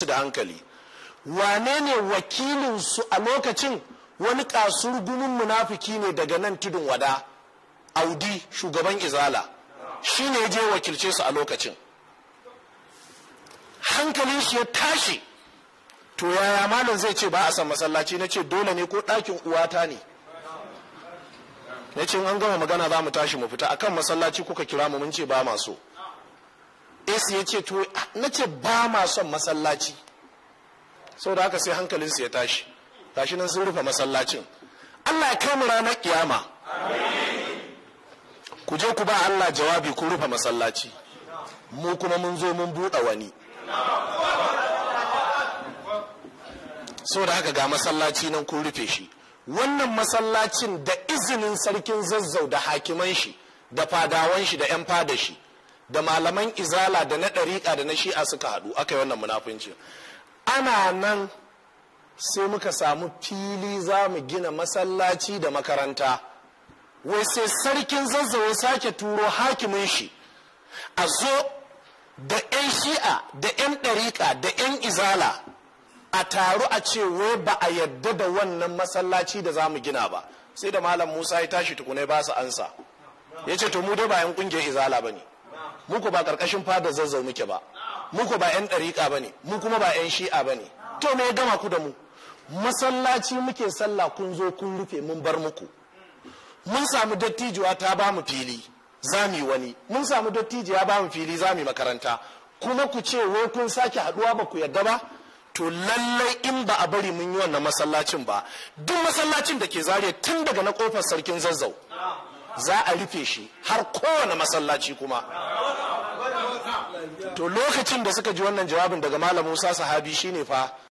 su da hankali wane ne wakilinsu a lokacin wani gumin munafiki ne daga nan tudun wada audi shugaban izala shi ne je wakilce su a lokacin Hankali shi ya tashi to yaya malam zai ce ba a san masallaci na ce dole ne ko ɗakin uwata ne na ce an gama magana za mu tashi mu fita akan masallaci kuka kira mu mun ce ba maso su ya ce to na ce ba ma son masallaci da haka sai hankalinsu ya tashi tashi nan sun rufe masallacin allah ya kai mu ranar kiyama ku je ku ba allah jawabi ku rufe masallaci mu kuma mun zo mun buɗe wani da haka ga masallaci nan kun rufe shi wannan masallacin da izinin sarkin zazzau da hakiman shi da fadawan shi da 'yan fada shi da malaman izala da na ɗariƙa da na shi'a suka haɗu aka yi wannan munafunci ana nan sai muka samu fili za mu gina masallaci da makaranta wai sai sarkin zazzawa sake turo hakimin shi a zo da 'yan shi'a da 'yan ɗariƙa da 'yan izala a taru a ce wai ba a yadda da wannan masallaci da za mu gina ba sai da malam musa ya tashi tukunai ba su ansa ya ce to mu dai ba 'yan ƙungiyar izala ba ne muku ba karkashin fada zazzau muke ba muku ba yan ɗariƙa ba ne mu kuma ba yan shi'a ba ne to me ya gama ku da mu masallaci muke sallah kun zo kun rufe mun bar muku mun samu dattijuwa ta ba mu fili zami wani mun samu dattijuwa ba mu fili zami makaranta kuma ku ce wai kun sake haɗuwa ba ku yarda ba to lallai in ba a bari mun yi wannan masallacin ba duk masallacin da ke zare tun daga na kofar sarkin zazzau za a rufe shi har kowane masallaci kuma to lokacin da suka ji wannan jawabin daga malam musa sahabi shine fa